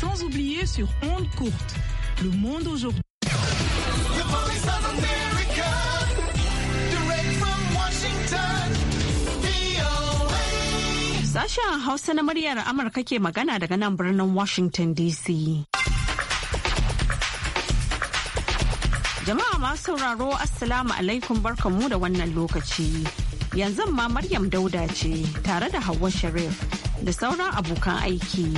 sans oublier sur Onde Courte. Le monde aujourd'hui. Sasha Hausa na muryar Amurka ke magana daga nan birnin Washington DC. Jama'a masu sauraro Assalamu alaikum barkanmu da wannan lokaci. Yanzu ma Maryam Dauda ce tare da Hauwa Sharif da sauran abokan aiki.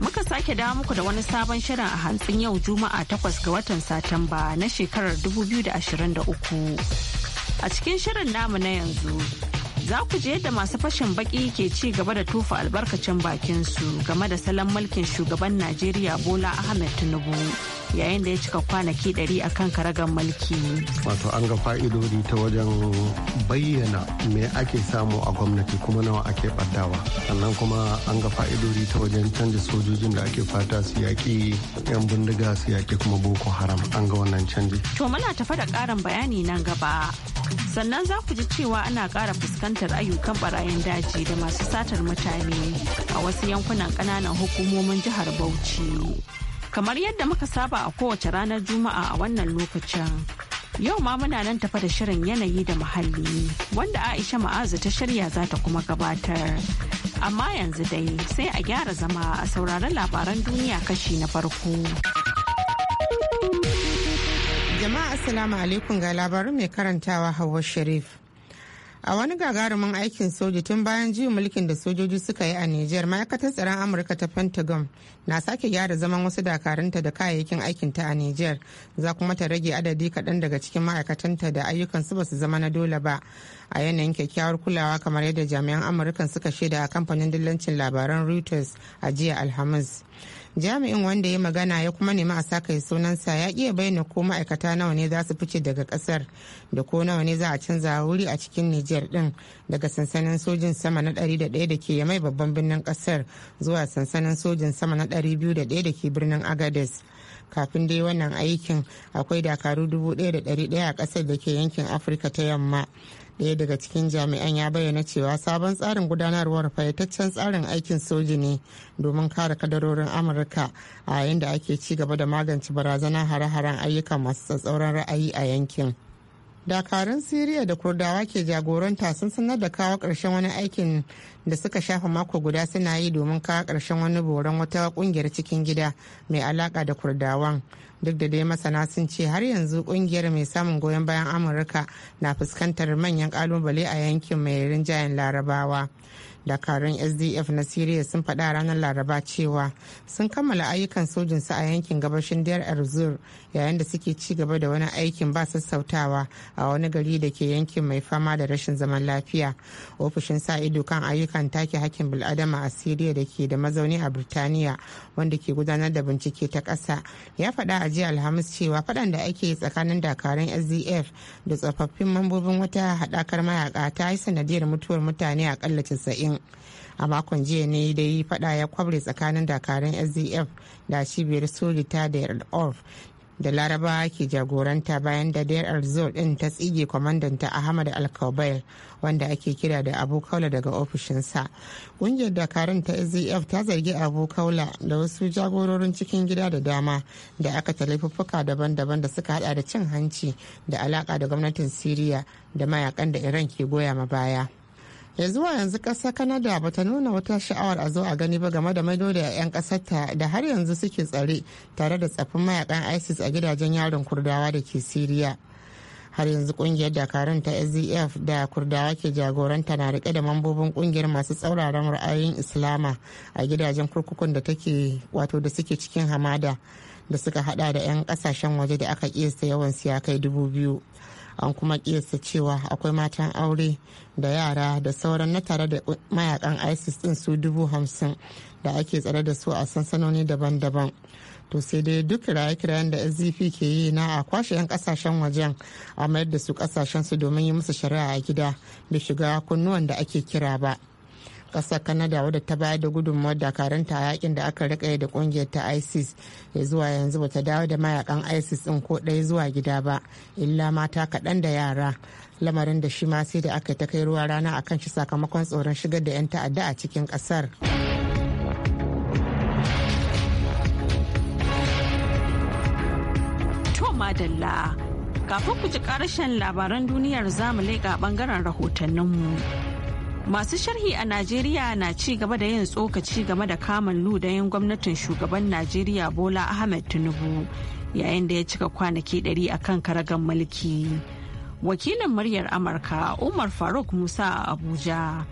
Muka sake dawo muku da wani sabon shirin a hantsin yau Juma'a takwas ga watan Satumba na shekarar 2023. A cikin shirin namu na yanzu, za ku je yadda masu fashin baki ke ci gaba da tofa albarkacin bakin su game da salon mulkin shugaban Najeriya Bola Ahmed Tinubu yayin da ya cika kwanaki 100 a kan karagar mulki. Wato an ga fa'idodi ta wajen bayyana me ake samu a gwamnati kuma nawa ake ɓaddawa. Sannan kuma an ga fa'idodi ta wajen canza sojojin da ake fata su yaƙi 'yan bindiga su yaƙi kuma Boko Haram an ga wannan canji. To muna tafa da ƙarin bayani nan gaba. sannan za ku ji cewa ana ƙara fuskantar ayyukan barayin daji da masu satar mutane a wasu yankunan ƙananan hukumomin jihar Bauchi. Kamar yadda muka saba a kowace ranar Juma'a a wannan lokacin. Yau ma muna nan tafa da shirin yanayi da muhalli wanda Aisha Ma'azu ta shirya za ta kuma gabatar. Amma yanzu dai sai a gyara zama a sauraron labaran duniya kashi na farko. Assalamu alaikum ga labarin mai karantawa Hauwa Sharif. A wani gagarumin aikin soji tun bayan jiyu mulkin da sojoji suka yi a Nijar, ma'aikatar tsaron Amurka ta Pentagon na sake gyara zaman wasu dakarunta da kayayyakin aikinta a Nijar, za kuma ta rage adadi kaɗan daga cikin ma'aikatanta da ayyukan su basu zama na dole ba a yanayin kyakkyawar kulawa kamar yadda jami'an Amurkan suka shaida a kamfanin dillancin labaran Reuters a jiya Alhamis. jami'in wanda ya magana ya kuma nemi a saka sunansa ya iya bayyana ko ma'aikata nawa ne za su fice daga kasar da ko nawa ne za a canza wuri a cikin nijar din daga sansanin sojin sama na 101 da ke mai babban birnin kasar zuwa sansanin sojin sama na 201 da ke birnin agades kafin dai wannan aikin akwai dakaru 1,100 a kasar da ke yankin afirka ta yamma daya daga cikin jami'an ya bayyana cewa sabon tsarin gudanarwar fayataccen tsarin aikin soji ne domin kare kadarorin amurka a yayin da ake ci gaba da magance barazanar hare-haren ayyuka masu tsatsauran ra'ayi a yankin dakarun siriya da kurdawa ke jagoranta sun sanar da kawo karshen wani aikin da suka shafa mako guda suna yi domin kawo ƙarshen wani boron wata ƙungiyar cikin gida mai alaƙa da kurdawan duk da dai masana sun ce har yanzu kungiyar mai samun goyon bayan amurka na fuskantar manyan kalubale a yankin mai rinjayen larabawa dakarun sdf na syria sun faɗa ranar laraba cewa sun kammala ayyukan sojinsu a yankin gabashin diyar arzur yayin da suke ci gaba da wani aikin ba sassautawa a wani gari da ke yankin mai fama da rashin zaman lafiya ofishin sa ido kan ayyukan take hakkin bil'adama a syria da ke da mazauni a birtaniya wanda ke gudanar da bincike ta ƙasa ya faɗa a jiya alhamis cewa faɗan da ake tsakanin dakarun sdf da tsofaffin mambobin wata haɗakar mayaka ta yi sanadiyar mutuwar mutane a ƙalla 90 cikin a makon jiya ne yi fada ya kwabre tsakanin dakarun sdf da cibiyar solita da orf da laraba ke jagoranta bayan da dayar arzol din ta tsige kwamandanta ahmad alkabail wanda ake kira da abu kaula daga ofishinsa ƙungiyar dakarun ta sdf ta zargi abu kaula da wasu jagororin cikin gida da dama da aka ta daban-daban da suka hada da cin hanci da alaka da gwamnatin siriya da mayakan da iran ke goya ma baya ya zuwa yanzu ƙasar kanada ba ta nuna wata sha'awar a zo a gani ba game da maido da 'yan ƙasarta da har yanzu suke tsare tare da tsafin mayakan isis a gidajen yaron kurdawa da ke siriya har yanzu kungiyar dakarun ta sdf da kurdawa ke jagoranta na rike da mambobin kungiyar masu tsauraran ra'ayin islama a gidajen kurkukun da take wato da suke cikin hamada da suka hada da 'yan kasashen waje da aka kiyasta yawan siya kai dubu biyu an kuma kiyasta cewa akwai matan aure da yara da sauran na tare da mayakan isis din su dubu hamsin da ake tsare da su a sansanoni daban-daban to sai dai duk kiraye-kirayen da sdp ke yi na a kwashe 'yan kasashen wajen a mayar da su kasashen su domin yi musu shari'a a gida da shiga kunnuwan da ake kira ba kasar canada wadda ta bayar da gudunmawar dakaranta a yakin da aka rika da kungiyar ta isis ya zuwa yanzu bata dawo da mayakan isis din ko ɗaya zuwa gida ba illa mata kaɗan da yara lamarin da shi ma sai da aka ta kai ruwa rana a kan shi sakamakon tsoron shigar da 'yan ta'adda a cikin ƙasar. kafin ku ji karshen labaran duniyar zamu leƙa bangaren rahotanninmu. mu Masu sharhi a Najeriya na ci gaba da yin tsokaci game da kamun ludayin gwamnatin shugaban Najeriya Bola Ahmed Tinubu yayin da ya cika kwanaki 100 a kan karagan mulki. Wakilin muryar Amurka Umar Faruk Musa a Abuja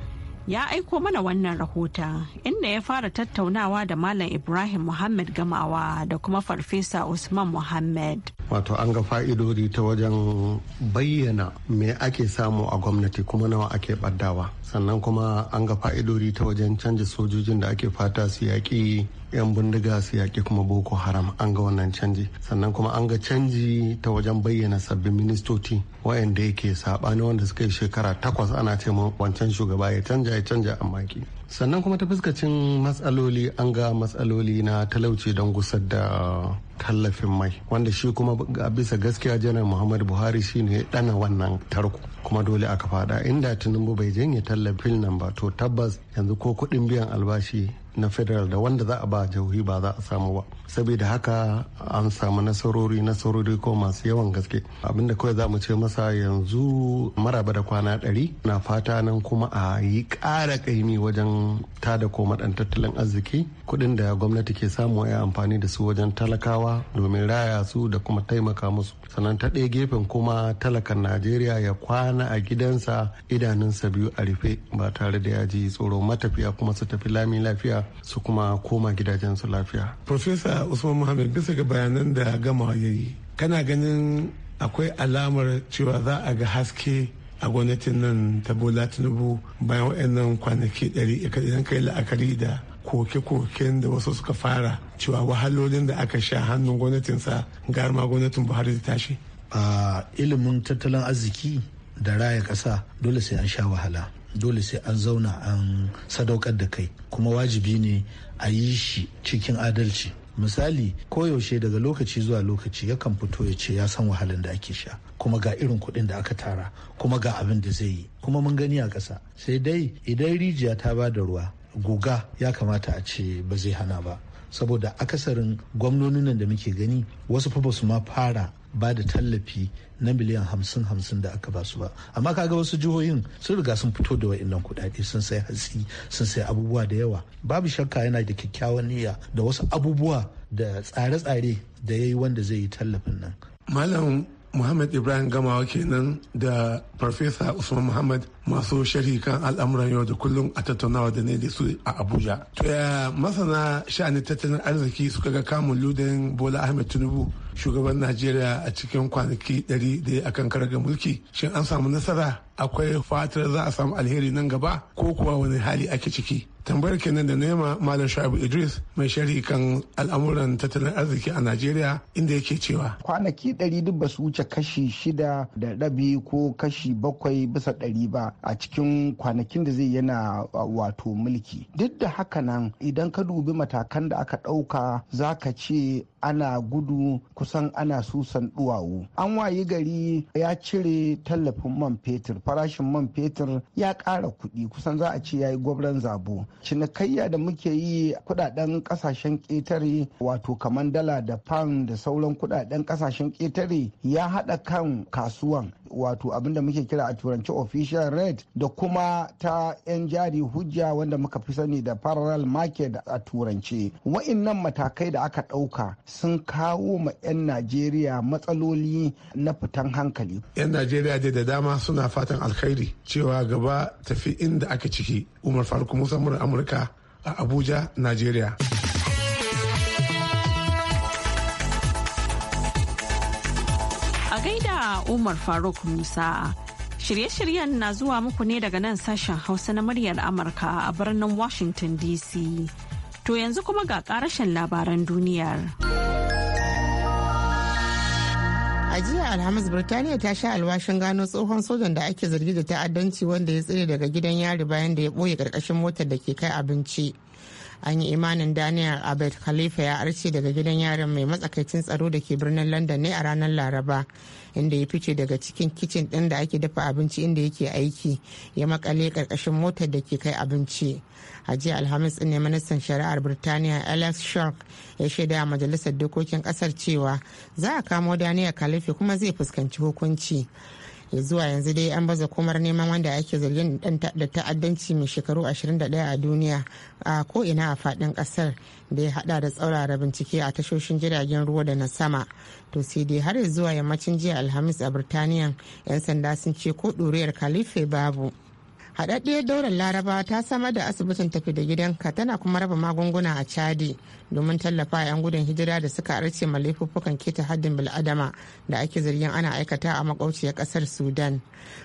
ya aiko mana wannan rahota inda ya fara tattaunawa da Malam Ibrahim Muhammad Gamawa da kuma Farfesa Usman Muhammad. wato an ga fa'idodi ta wajen bayyana me ake samu a gwamnati kuma nawa ake baddawa sannan kuma an ga fa'idodi ta wajen canja sojojin da ake fata su yaƙi 'yan bindiga su yaƙi kuma boko haram an ga wannan canji sannan kuma an ga canji ta wajen bayyana sabbin ministoci wayanda yake saɓani wanda suka yi shekara takwas ana ce wancan shugaba ya canja ya canja amma ki sannan kuma ta fuskacin matsaloli an ga matsaloli na talauci don gusar da tallafin mai wanda shi kuma a bisa gaskiya janar muhammad buhari shine dana wannan tarko kuma dole aka fada inda tinubu bai janye tallafin nan ba to tabbas yanzu ko kuɗin biyan albashi na federal da wanda za a ba jihohi ba za a samu ba saboda haka an samu nasarori nasarori ko masu yawan gaske abinda kawai za mu ce masa yanzu maraba da kwana ɗari na fata nan kuma a yi ƙara kaimi wajen tada ko maɗan tattalin arziki kuɗin da gwamnati ke samu ya amfani da su wajen talakawa domin raya su da kuma taimaka musu sannan ta ɗaya gefen kuma talakan najeriya ya kwana a gidansa idanunsa biyu a rufe ba tare da ya ji tsoro matafiya kuma su tafi lami lafiya su kuma koma gidajensu lafiya. Profesa Usman Muhammad bisa ga bayanan da gama ya yi. Kana ganin akwai alamar cewa za a ga haske a gwamnatin nan ta Bola Tinubu bayan waɗannan kwanaki ɗari idan kai la'akari da koke-koken da wasu suka fara cewa wahalolin da aka sha hannun sa gara ma gwamnatin Buhari ta tashi. A ilimin tattalin arziki da raya kasa dole sai an sha wahala. dole sai an zauna an sadaukar da kai kuma wajibi ne a yi shi cikin adalci misali koyaushe daga lokaci zuwa lokaci yakan fito ya ce ya san wahalan da ake sha kuma ga irin kuɗin da aka tara kuma ga abin da zai yi kuma mun gani a ƙasa sai dai idan rijiya ta ba da ruwa guga ya kamata a ce ba zai hana ba saboda akasarin gwamnonin nan da muke gani wasu fa su ma fara ba da tallafi na miliyan hamsin hamsin da aka basu ba amma kaga wasu jihohin sun riga sun fito da wa'annan kuɗaɗe sun sai hatsi sun sai abubuwa da yawa babu shakka yana da kyakkyawan niyya da wasu abubuwa da tsare-tsare da ya yi wanda zai yi tallafin nan malam Muhammad Ibrahim Gamawa kenan da Farfesa Usman Muhammad masu sharhi kan al'amuran yau da kullum a tattaunawa da ne da su a Abuja. To ya masana sha'anin tattalin arziki suka ga kamun ludin Bola Ahmed Tinubu shugaban Najeriya a cikin kwanaki ɗari da ya akan karga mulki. Shin an samu nasara? Akwai fatar za a samu alheri nan gaba ko kuwa wani hali ake ciki? tambayar kenan da nema malam shabu idris mai sharhi kan al'amuran tattalin arziki a najeriya inda yake cewa kwanaki ɗari duk basu wuce kashi shida da rabi ko kashi bakwai bisa ɗari ba a cikin kwanakin da zai yana wato mulki duk da haka nan idan ka dubi matakan da aka ɗauka za ka ce ana gudu kusan ana susan duwawu an wayi gari ya cire tallafin man fetur farashin man fetur ya ƙara kuɗi kusan za a ce ya yi gwabran zabo cinikayya da muke yi kudaden kasashen ƙetare wato kamar dala da pound da sauran kudaden kasashen ƙetare ya haɗa kan kasuwan wato abinda muke kira a turanci official rate da kuma ta 'yan jari hujja wanda muka fi sani da parallel market a turanci wa'innan matakai da aka ɗauka sun kawo ma 'yan najeriya matsaloli na fitan hankali 'yan najeriya dai da dama suna fatan alkhairi cewa gaba tafi inda ake ciki umar faruk musa amurka a abuja najeriya a Umar Faruk Musa. Shirye-shiryen na zuwa muku ne daga nan sashen Hausa na muryar Amurka a birnin Washington DC. To yanzu kuma ga karashen labaran duniyar. A jiya Alhamis Birtaniya ta sha alwashin gano tsohon sojan da ake zargi da ta'addanci wanda ya tsere daga gidan yari bayan da ya ɓoye ƙarƙashin motar da ke kai abinci. an yi imanin daniel abed khalifa ya arce daga gidan yarin mai matsakaicin tsaro da ke birnin london ne a ranar laraba inda ya fice daga cikin kicin ɗin da ake dafa abinci inda yake aiki ya makale karkashin motar da ke kai abinci a jiya alhamis ɗin ne ministan shari'ar birtaniya alex shark ya shaida a majalisar dokokin kasar cewa za a kamo daniel kalifi kuma zai fuskanci hukunci ya zuwa yanzu dai an baza komar neman wanda ake zargin da ta'addanci mai shekaru 21 a duniya a ina a fadin kasar da ya hada da tsaurara bincike a tashoshin jiragen ruwa da na sama to sai dai har zuwa yammacin jiya alhamis a birtaniya 'yan sanda sun ce ko ɗoriyar khalife babu haɗaɗɗiyar daular laraba ta samar da asibitin tafi da gidanka tana kuma raba magunguna a chadi domin tallafa 'yan gudun hijira da suka arce ma laifuffukan keta haddin bil'adama da ake zargin ana aikata a makwauciyar ƙasar sudan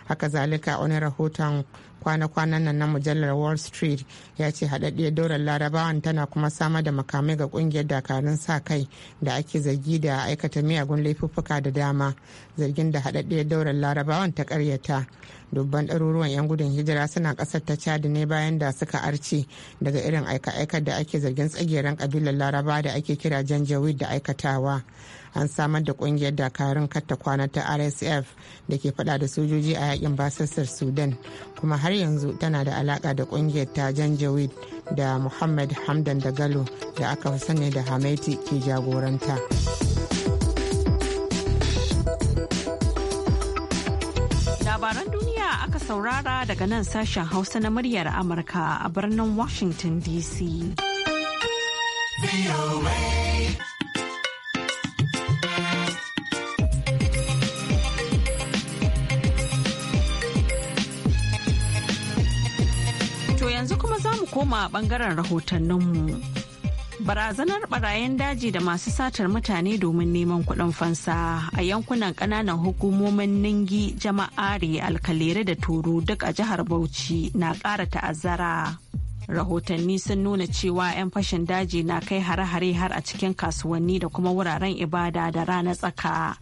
haka zalika wani rahoton kwana-kwanan nan na mujallar wall street ya ce haɗaɗɗiyar daular larabawan tana kuma samar da makamai ga ƙungiyar dakarun sa kai da ake zargi da aikata miyagun laifuffuka da dama zargin da haɗaɗɗiyar daular larabawan ta karyata dubban ɗaruruwan 'yan gudun hijira suna kasar ta chad ne bayan da suka arce daga irin aika-aikar da ake zargin tsagerar kabilar larabawa da ake kira janjawid da aikatawa an samar da kungiyar dakarun katta kwana ta rsf da ke fada da sojoji a yakin basassar sudan kuma har yanzu tana da alaka da kungiyar ta janjaweed da muhammad hamdan da galo da aka sani da hamaiti ke jagoranta. labaran duniya aka saurara daga nan sashen hausa na muryar amurka a birnin washington dc. koma bangaren rahotanninmu. Barazanar barayan daji da masu satar mutane domin neman kuɗin fansa a yankunan ƙananan hukumomin Ningi, Jama'are, Alkalere da Turu duk a jihar Bauchi na ƙara ta'azzara. Rahotanni sun nuna cewa 'yan fashin daji na kai hare-hare har a cikin kasuwanni da kuma wuraren ibada da rana tsaka.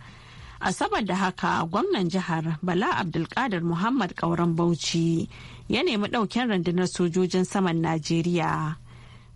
a saboda haka gwamnan jihar bala abdulkadir muhammad kauran bauchi ya nemi ɗauken rundunar sojojin saman najeriya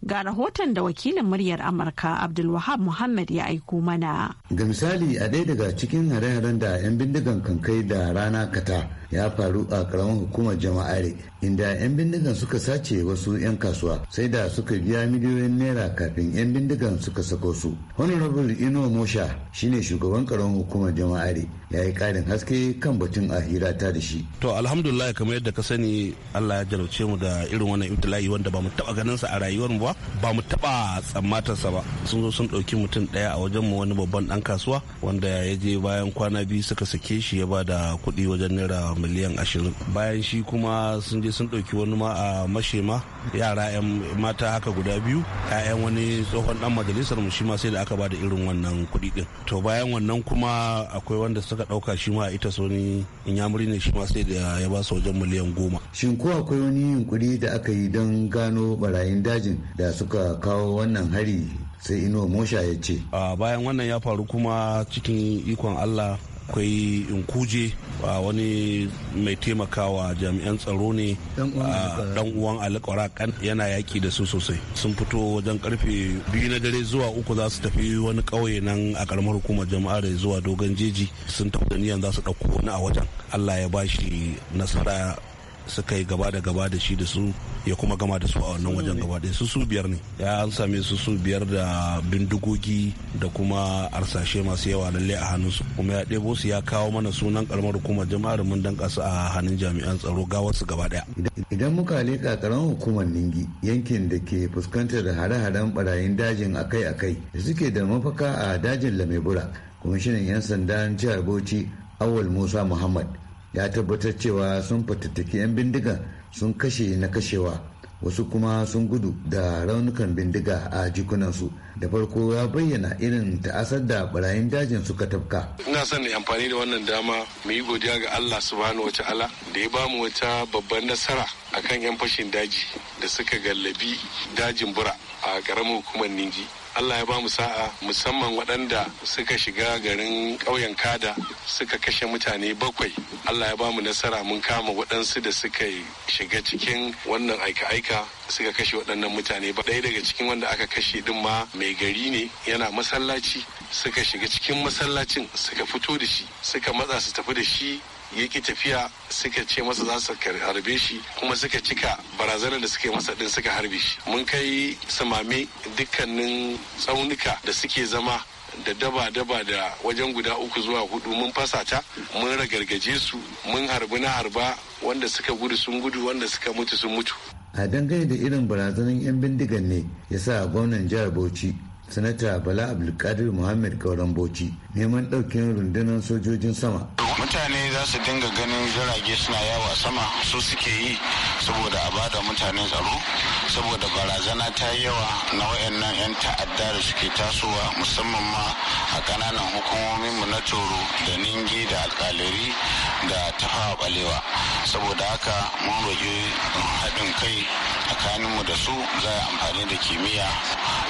ga rahoton da wakilin muryar amurka abdulwahab muhammad ya aiko mana ga misali a daya daga cikin hare-haren da 'yan bindigan kankai da rana kata ya faru a karamin hukumar jama'are inda 'yan bindigan suka sace wasu 'yan kasuwa sai da suka biya miliyoyin naira kafin 'yan bindigan suka sako su honorable ino mosha shine shugaban karamin hukumar jama'are ya yi karin haske kan batun a hira ta da shi to alhamdulillah kamar yadda ka sani allah ya jarauce mu da irin wannan ibtila'i wanda ba mu taba ganin sa a rayuwar mu ba ba mu taba tsammatar sa ba sun zo sun dauki mutum daya a wajen mu wani babban dan kasuwa wanda ya je bayan kwana biyu suka sake shi ya ba da kuɗi wajen naira miliyan ashirin bayan shi kuma sun je sun ɗauki wani ma a mashema yara 'yan mata haka guda biyu 'ya'yan wani tsohon dan majalisar mu shi ma sai da aka bada irin wannan kuɗi din to bayan wannan kuma akwai wanda suka ɗauka shi ma ita soni inyamuri ne shi ma sai da ya ba su wajen miliyan goma shin ko akwai wani yunkuri da aka yi don gano barayin dajin da suka kawo wannan hari sai inuwa mosha ya ce bayan wannan ya faru kuma cikin ikon allah akwai inkuje a wani mai taimakawa jami'an tsaro ne dan uwan ali yana yaki da su sosai sun fito wajen karfe biyu na dare zuwa uku za su tafi wani ƙauye nan a ƙaramar hukumar jama'a da zuwa dogon jeji sun tafi da niyan za su ɗauko wani a wajen allah ya bashi nasara suka yi gaba da gaba da shi da su ya kuma gama da su a wannan wajen gaba da su su biyar ne ya an same su su biyar da bindigogi da kuma arsashe masu yawa lalle a hannunsu kuma ya ɗebo su ya kawo mana sunan karamar hukumar jama'ar mun dan kasa a hannun jami'an tsaro ga wasu gaba daya idan muka leƙa karamar hukumar ningi yankin da ke fuskantar hare-haren barayin dajin akai-akai da suke da mafaka a dajin lamebura kwamishinan 'yan sandan jihar bauchi awal musa muhammad ya tabbatar cewa sun fatattaki 'yan bindiga sun kashe na kashewa wasu kuma sun gudu da raunukan bindiga a jikunansu da farko ya bayyana irin ta'asar da barayin dajin suka tafka. ina son da amfani da wannan dama mu yi godiya ga allah subhanahu ta'ala da ya bamu wata babban nasara akan 'yan fashin daji da suka gallabi dajin bura a karamin hukumar ningi Allah ya ba mu sa'a musamman waɗanda suka shiga garin ƙauyen kada suka kashe mutane bakwai. Allah ya ba mu nasara mun kama waɗansu da suka shiga cikin wannan aika-aika suka kashe waɗannan mutane ba. Ɗaya daga cikin wanda aka kashe ɗin ma mai gari ne yana masallaci suka shiga cikin masallacin suka fito da shi suka matsa su tafi da shi yake tafiya suka ce masa za su harbe shi kuma suka cika barazanar da suke masa din suka harbe shi mun kai samame dukkanin tsaunuka da suke zama da daba-daba da wajen guda uku zuwa hudu mun fasa ta mun ragargaje su mun harbi na harba wanda suka gudu sun gudu wanda suka mutu sun mutu a dangane da irin barazanar 'yan bindigan ne ya sa gwamnan jihar bauchi sanata bala abdulkadir muhammad gauran bauchi neman ɗaukin rundunar sojojin sama mutane za su dinga ganin jirage suna yawo a sama su suke yi saboda a bada mutane tsaro saboda barazana ta yi yawa na wayannan 'yan ta'adda da suke tasowa musamman ma a kananan hukumomin mu na toro da ningi da alkalari da tafawa balewa saboda haka mun roƙi haɗin kai tsakaninmu da su za a amfani da kimiyya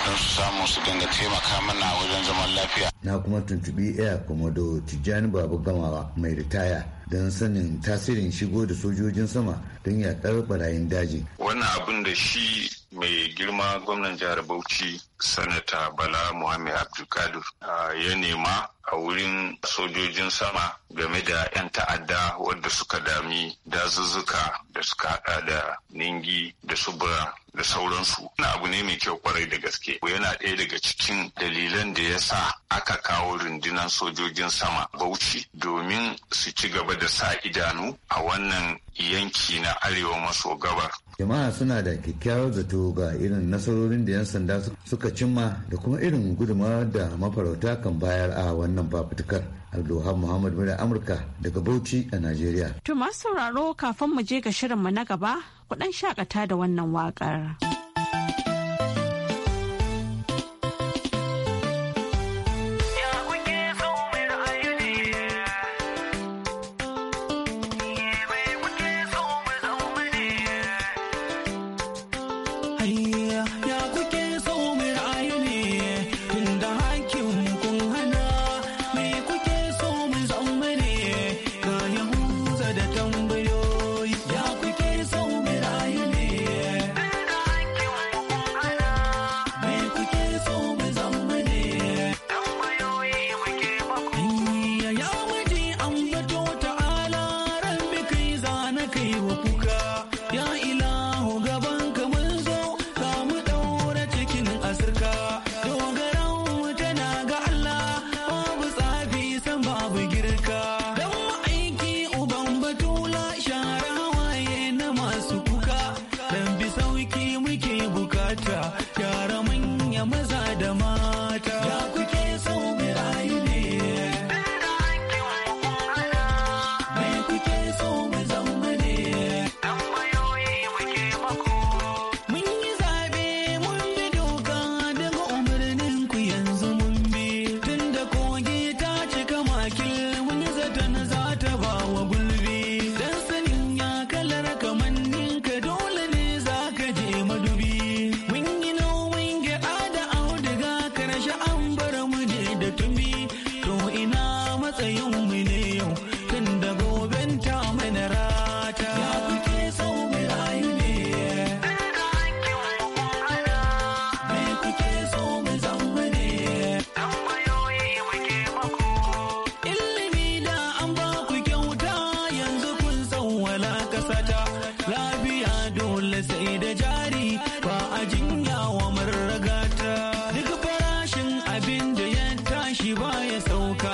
don su samu su dinga taimaka mana wajen zaman lafiya. Na kuma tuntubi Air Komodo Tijjani Babu Gamawa mai ritaya don sanin tasirin shigo da sojojin sama don yaƙar barayin daji. Wannan abin da shi mai girma gwamnan jihar Bauchi sanata Bala Muhammad Abdulkadir ya nema a wurin sojojin sama game da 'yan ta'adda wadda suka dami dazuzzuka da suka hada da ningi da subura da sauransu. na abu ne mai kyau kwarai da gaske. Yana ɗaya daga cikin dalilan da ya sa aka kawo rundunar sojojin sama Bauchi domin su ci gaba da sa idanu a wannan yanki na arewa maso gabar. Jama'a suna da kyakkyawar zato ga irin nasarorin da 'yan sanda suka cimma da kuma irin gudunmawar da mafarauta kan bayar a wannan fafutukar abdulhamid muhammad mura amurka daga bauchi a najeriya to masu sauraro kafin mu je ga shirin mu na gaba kudan shakata da wannan waƙar. hari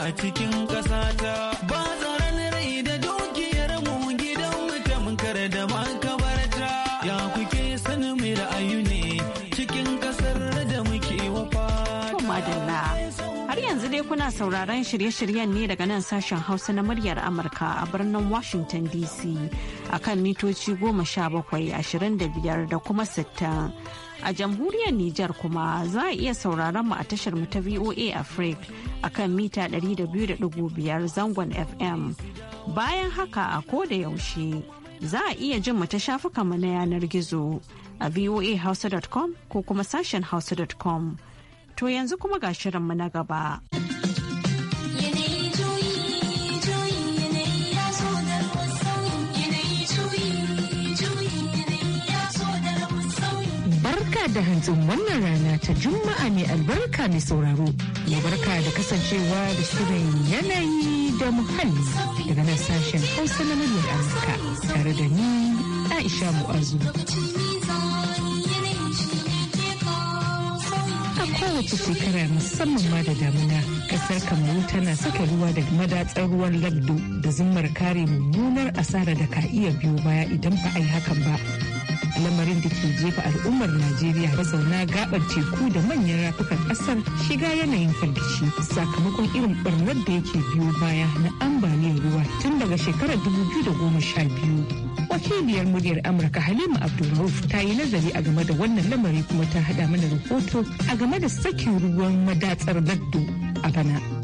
a cikin ƙasata ba tsaron rai da dukiyar mu gidan mu tamkar da makabarta ya kuke sanin mai ra'ayu ne cikin ƙasar da muke wafa. Har yanzu dai kuna sauraron shirye-shiryen ne daga nan sashen Hausa na muryar Amurka a birnin Washington DC a kan mitoci 17, 25 da kuma 60. A jamhuriyar Nijar kuma za a iya sauraron mu a tashar mu ta VOA Africa a kan mita 200.5 zangon FM. Bayan haka a koda yaushe za a iya jin mu ta shafukan mu na yanar gizo a voahausa.com ko kuma sashen hausa.com. To yanzu kuma ga shirin mu na gaba. Barka da hantsin wannan rana ta Juma'a mai albarka mai sauraro. Ya barka da kasancewa da shirin yanayi da muhalli daga nan sashen Hausa na muryar Amurka tare da ni Aisha Mu'azu. A kowace shekara musamman ma da damuna kasar Kamaru tana saka ruwa da madatsar ruwan labdo da zimmar kare mummunar asara da ka iya biyo baya idan ba a yi hakan ba. lamarin da ke jefa al'ummar najeriya mazauna gabar teku da manyan rafukan kasar shiga yanayin fargici. sakamakon irin barnar da yake biyo baya na ambaliyar ruwa tun daga shekarar biyu. wakiliyar muryar amurka halima abdulrauf ta yi nazari a game da wannan lamari kuma ta hada mana rahoto a game da sakin ruwan madatsar baddo a bana.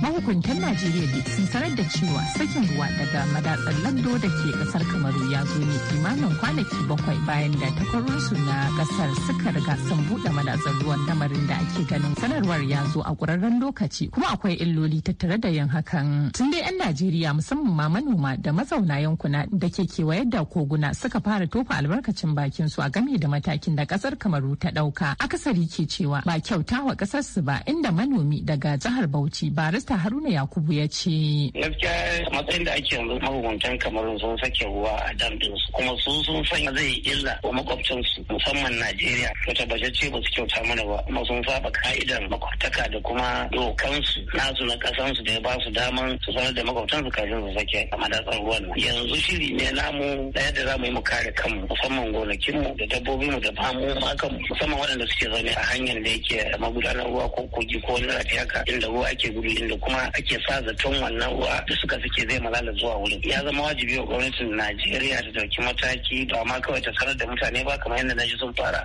mahukuntan najeriya ne sun sanar da cewa sakin ruwa daga madatsar lando da ke kasar kamaru ya zo ne kimanin kwanaki bakwai bayan da takwarorinsu na kasar suka riga sun buɗe madatsar ruwan lamarin da ake ganin sanarwar ya zo a ƙurarren lokaci kuma akwai illoli tattare da yin hakan tun dai 'yan najeriya musamman ma manoma da mazauna yankuna da ke kewaye da koguna suka fara tofa albarkacin bakin su a game da matakin da kasar kamaru ta ɗauka akasari ke cewa ba kyautawa kasar su ba inda manomi daga jihar bauchi barista Minista haruna yakubu ya ce gaskiya matsayin da ake yanzu mahukuntan kamar sun sake ruwa a dam su kuma su sun san zai illa wa makwabcinsu musamman najeriya to ce ba su kyauta mana ba kuma sun saba ka'idan makwabtaka da kuma dokansu nasu na kasansu da ya ba su daman su sanar da makwabtansu kafin su sake a madatsar ruwan yanzu shiri ne namu da yadda za mu yi mu kare kanmu musamman gonakinmu da dabbobinmu da famu makan musamman waɗanda suke zaune a hanyar da yake magudanar ruwa ko kogi ko wani rafi haka inda ruwa ake gudu inda kuma ake sa zaton wannan ruwa da suka sake zai malala zuwa wurin ya zama wajibi wa gwamnatin najeriya ta dauki mataki ba ma kawai ta sanar da mutane ba kamar yadda shi sun fara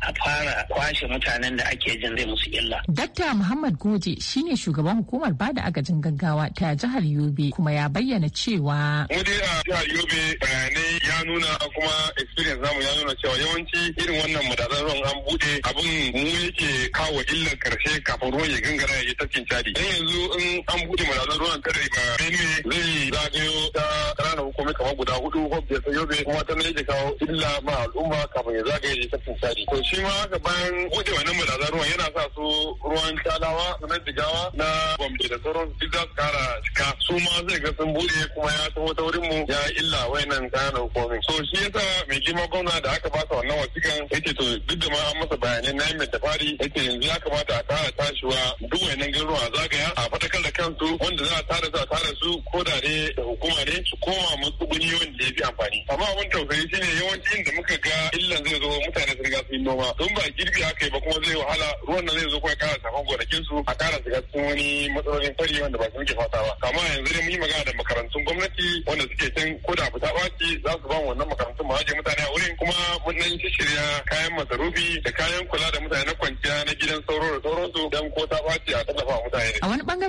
a fara kwashe mutanen da ake jin zai musu illa dakta muhammad goje shine shugaban hukumar bada agajin gaggawa ta jihar yobe kuma ya bayyana cewa mu dai a jihar yobe bayanai ya nuna kuma experience zamu ya nuna cewa yawanci irin wannan madadan ruwan an bude abin mu yake kawo illar karshe kafin ruwan ya gangara ya yi tafkin cadi yanzu in an buɗe madatsun ruwan kare ma bene zai zagayo ta ƙananan hukumomi kamar guda hudu ko biyar ta yobe kuma ta ne kawo illa ma al'umma kafin ya zagaye ya tafi sari. To shi ma haka bayan buɗe wannan madatsun ruwan yana sa su ruwan talawa na jigawa na gombe da sauran duk za su kara cika su ma zai ga sun buɗe kuma ya taho ta wurin mu ya illa wayannan ƙananan hukumomi. to shi yasa mai girma gwamna da aka basa wannan wasiƙan yake to duk da ma an masa bayanai na yi mai tafari yake yanzu ya kamata a kara tashiwa duk wayannan garuruwa zagaya a faɗa kansu wanda za a tara za a tara su ko da ne da hukuma ne su koma matsuguni wanda ya fi amfani amma abin tausayi shine yawanci inda muka ga illan zai zo mutane sun riga sun noma don ba girbi aka ba kuma zai wahala ruwan nan zai zo kuma kara safan gonakin su a kara shiga cikin wani matsalolin fari wanda ba su muke fata ba kama yanzu dai mun yi magana da makarantun gwamnati wanda suke can ko da abu ta ɓaci za su ba wannan makarantun ma mutane a wurin kuma mun nan shirya kayan masarufi da kayan kula da mutane na kwanciya na gidan sauro da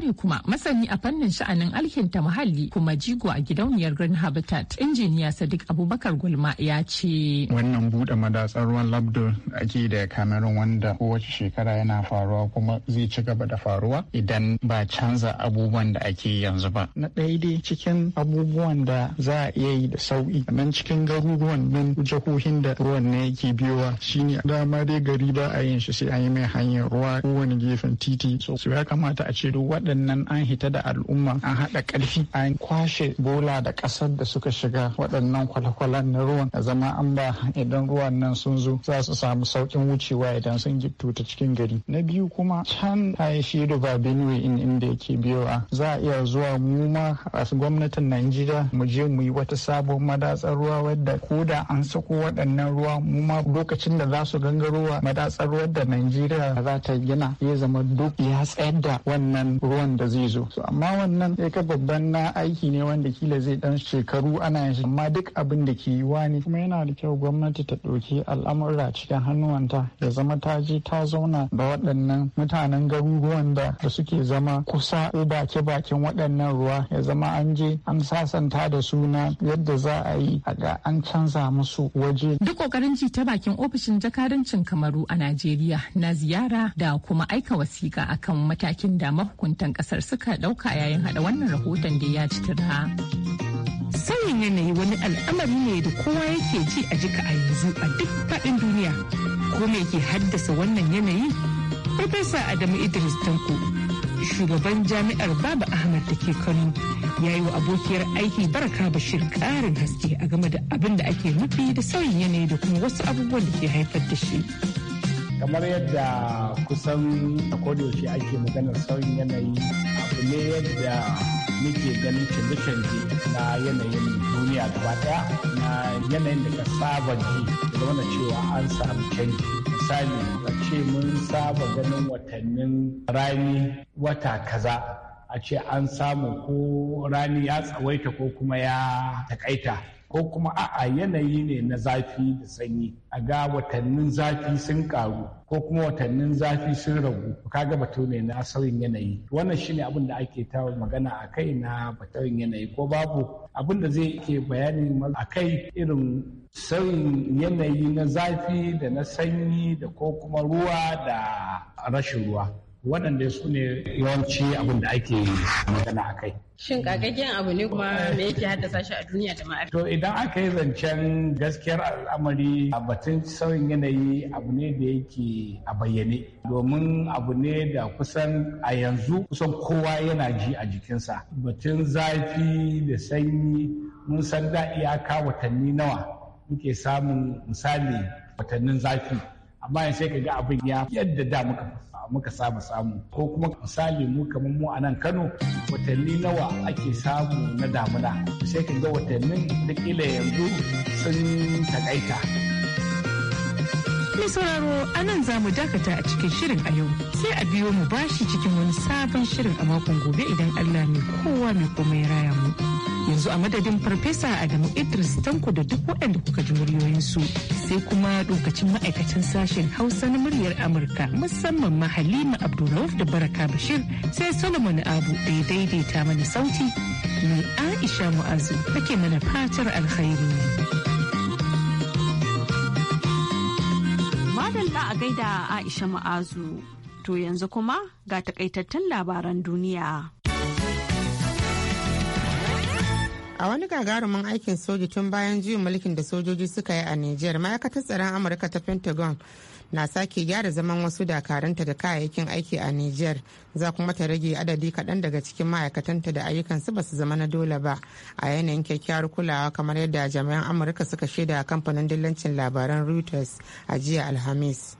ne kuma masani a fannin sha'anin alkinta muhalli kuma jigo a gidauniyar Green Habitat. Injiniya Sadiq Abubakar Gulma ya ce. Wannan buɗe madatsar ruwan labdo ake da kamerun wanda kowace shekara yana faruwa kuma zai ci gaba da faruwa idan ba canza abubuwan da ake yanzu ba. Na ɗaya dai cikin abubuwan da za a iya yi da sauƙi nan cikin garuruwan nan jihohin da ruwan ne yake biyowa shine dama dai gari ba a yin shi sai an yi mai hanyar ruwa kowane gefen titi. So ya kamata a ce duk waɗanda bayan nan an hita da al'umma an haɗa ƙarfi an kwashe bola da ƙasar da suka shiga waɗannan kwale na ruwan a zama an ba idan ruwan nan sun zo za su samu sauƙin wucewa idan sun gittu ta cikin gari na biyu kuma can ta shi ba benue in inda yake biyowa za a iya zuwa mu ma a gwamnatin najeriya mu je mu yi wata sabon madatsar ruwa wadda ko da an sako waɗannan ruwa mu ma lokacin da za su gangarowa madatsar ruwa da najeriya za ta gina ya zama duk ya tsayar da wannan ruwan nan da zai zo so amma wannan ya ka babban na aiki ne wanda kila zai dan shekaru ana yin shi amma duk abin da ke yiwa ne kuma yana da kyau gwamnati ta ɗauki al'amura cikin hannuwanta ya zama ta je ta zauna da waɗannan mutanen garuruwan da suke zama kusa ko bake bakin waɗannan ruwa ya zama an je an sasanta da suna yadda za a yi a ga an canza musu waje duk kokarin ji ta bakin ofishin jakadancin kamaru a najeriya na ziyara da kuma aika wasiƙa akan matakin da mahukuntan kasar suka dauka yayin hada wannan rahoton da ya ci tura. Sauyin yanayi wani al'amari ne da kowa yake ji a jika a yanzu a duk faɗin duniya. Ko me ke haddasa wannan yanayi? Profesa Adamu Idris Tanko, shugaban jami'ar Baba Ahmad da ke Kano, ya yi wa abokiyar aiki Baraka Bashir ƙarin haske a game da abin da ake nufi da sauyin yanayi da kuma wasu abubuwan da ke haifar da shi. kamar yadda kusan a ake maganar sauyin yanayi abu ne yadda muke ganin canje-canje na yanayin duniya gaba daya na yanayin da ka saba ji da wanda cewa an samu canji misali a ce mun saba ganin watannin rani wata kaza a ce an samu ko rani ya tsawaita ko kuma ya takaita ko kuma a'a yanayi ne na zafi da sanyi a ga watannin zafi sun karu ko kuma watannin zafi sun ragu Ka ga batu ne na sauyin yanayi wannan shine abin da ake ta magana a kai na batun yanayi ko babu abin da zai ke bayani a kai irin sauyin yanayi na zafi da na sanyi da ko kuma ruwa da rashin ruwa waɗanda su ne yawanci abin da ake magana a kai. Shin kakakken abu ne kuma me yake haddasa shi a duniya da ma'aikata? To idan aka yi zancen gaskiyar al'amari a batun sauyin yanayi abu ne da yake a bayyane domin abu ne da kusan a yanzu kusan kowa yana ji a jikinsa. Batun zafi da sanyi mun san da iyaka watanni nawa muke samun misali watannin zafi amma sai ka ga abin ya yadda da muka muka saba samu ko kuma misali mu kamar mu a nan Kano watanni nawa ake samu na damuna sai ka ga watannin da kila yanzu sun takaita. Mai sauraro a nan za mu dakata a cikin shirin a yau sai a biyo mu bashi cikin wani sabon shirin a makon gobe idan Allah mai kowa mai komai raya mu. yanzu a madadin farfesa adamu idris tanko da duk waɗanda kuka ji muryoyinsu sai kuma dokacin ma'aikacin sashen hausa na muryar amurka musamman ma halima abdulrauf da baraka bashir sai solomon abu da ya daidaita mana sauti ne aisha mu'azu take mana fatar alkhairi madalla a gaida aisha mu'azu to yanzu kuma ga takaitattun labaran duniya a wani gagarumin aikin soji tun bayan juyin mulkin da sojoji suka yi a niger ma'aikatar tsaron amurka ta pentagon na sake gyara zaman wasu dakaranta da kayayyakin aiki a niger za kuma ta rage adadi kaɗan daga cikin ma'aikatanta da ayyukansu ba su zama na dole ba a yanayin kyakkyawar kulawa kamar yadda jami'an amurka suka shaida a kamfanin dillancin labaran reuters a jiya alhamis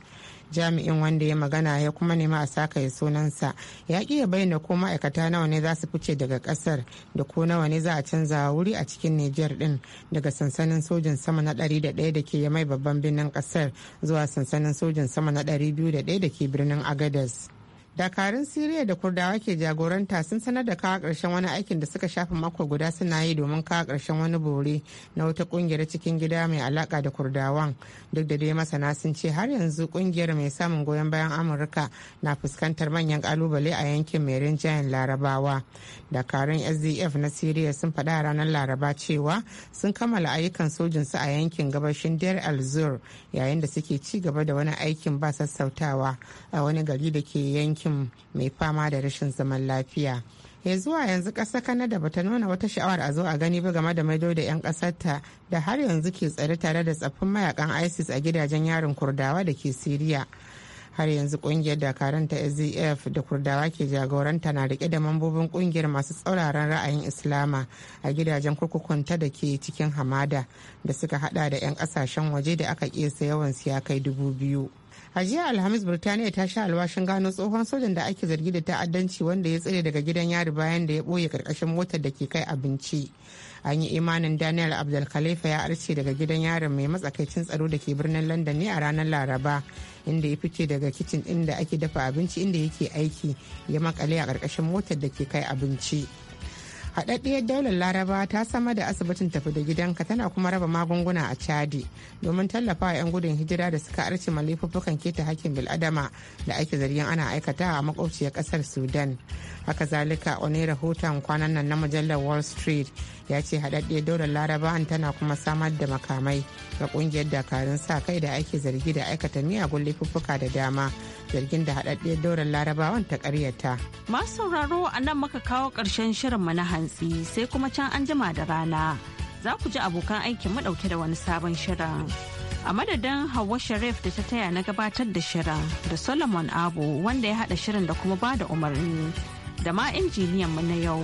jami'in wanda ya magana ya kuma nema a saka ya sunansa ya ƙi ya bayyana ko ma'aikata nawa ne za su fice daga ƙasar da ko nawa ne za a canza wuri a cikin nijar din daga sansanin sojin sama na 101 da ke mai babban birnin ƙasar zuwa sansanin sojin sama na 201 da ke birnin agadas dakarun siriya da kurdawa ke jagoranta sun sanar da kawo karshen wani aikin da suka shafa mako guda suna yi domin kawo ƙarshen wani bore na wata kungiyar cikin gida mai alaka da kurdawan duk da dai masana sun ce har yanzu kungiyar mai samun goyon bayan amurka na fuskantar manyan kalubale a yankin mai rinjayen larabawa dakarun sdf na siriya sun faɗa ranar laraba cewa sun kammala ayyukan sojinsu a yankin gabashin der al yayin da suke ci gaba da wani aikin ba sassautawa a wani gari da ke yankin yankin mai fama da rashin zaman lafiya ya zuwa yanzu ƙasar kanada bata nuna wata sha'awar a zo a gani ba game da maido da 'yan ƙasarta da har yanzu ke tsare tare da tsaffin mayakan isis a gidajen yarin kurdawa da ke siriya har yanzu kungiyar dakarun ta sdf da kurdawa ke jagoranta na rike da mambobin kungiyar masu tsauraran ra'ayin islama a gidajen kurkukunta da ke cikin hamada da suka hada da 'yan kasashen waje da aka kesa yawan siya kai dubu biyu a jiya alhamis birtaniya ta sha alwashin gano tsohon sojan da ake zargi da ta'addanci wanda ya tsire daga gidan yari bayan da ya ɓoye karkashin motar da ke kai abinci an yi imanin daniel abdul khalifa ya arce daga gidan yarin mai matsakaicin tsaro da ke birnin london ne a ranar laraba inda ya fice daga kicin inda ake dafa abinci inda yake aiki ya makale a karkashin motar da ke kai abinci haɗaɗɗiyar daular laraba ta sama da asibitin tafi da gidanka tana kuma raba magunguna a chadi domin tallafawa 'yan gudun hijira da suka arce malifuffukan keta hakkin bil'adama da ake zargin ana aikata a makwabciyar ƙasar sudan haka zalika wani rahoton kwanan nan na mujallar wall street ya ce haɗaɗɗiyar daular larabawan tana kuma samar da makamai ga ƙungiyar dakarun sa kai da ake zargi da aikata miyagun laifuffuka da dama zargin da haɗaɗɗiyar daular larabawan ta karyata. masu sauraro a nan muka kawo ƙarshen shirin mu na hantsi sai kuma can an jima da rana za ku ji abokan aikin mu ɗauke da wani sabon shirin. a madadin hawa sharif da ta taya na gabatar da shirin da solomon abu wanda ya haɗa shirin da kuma ba da umarni da ma injiniyan mu na yau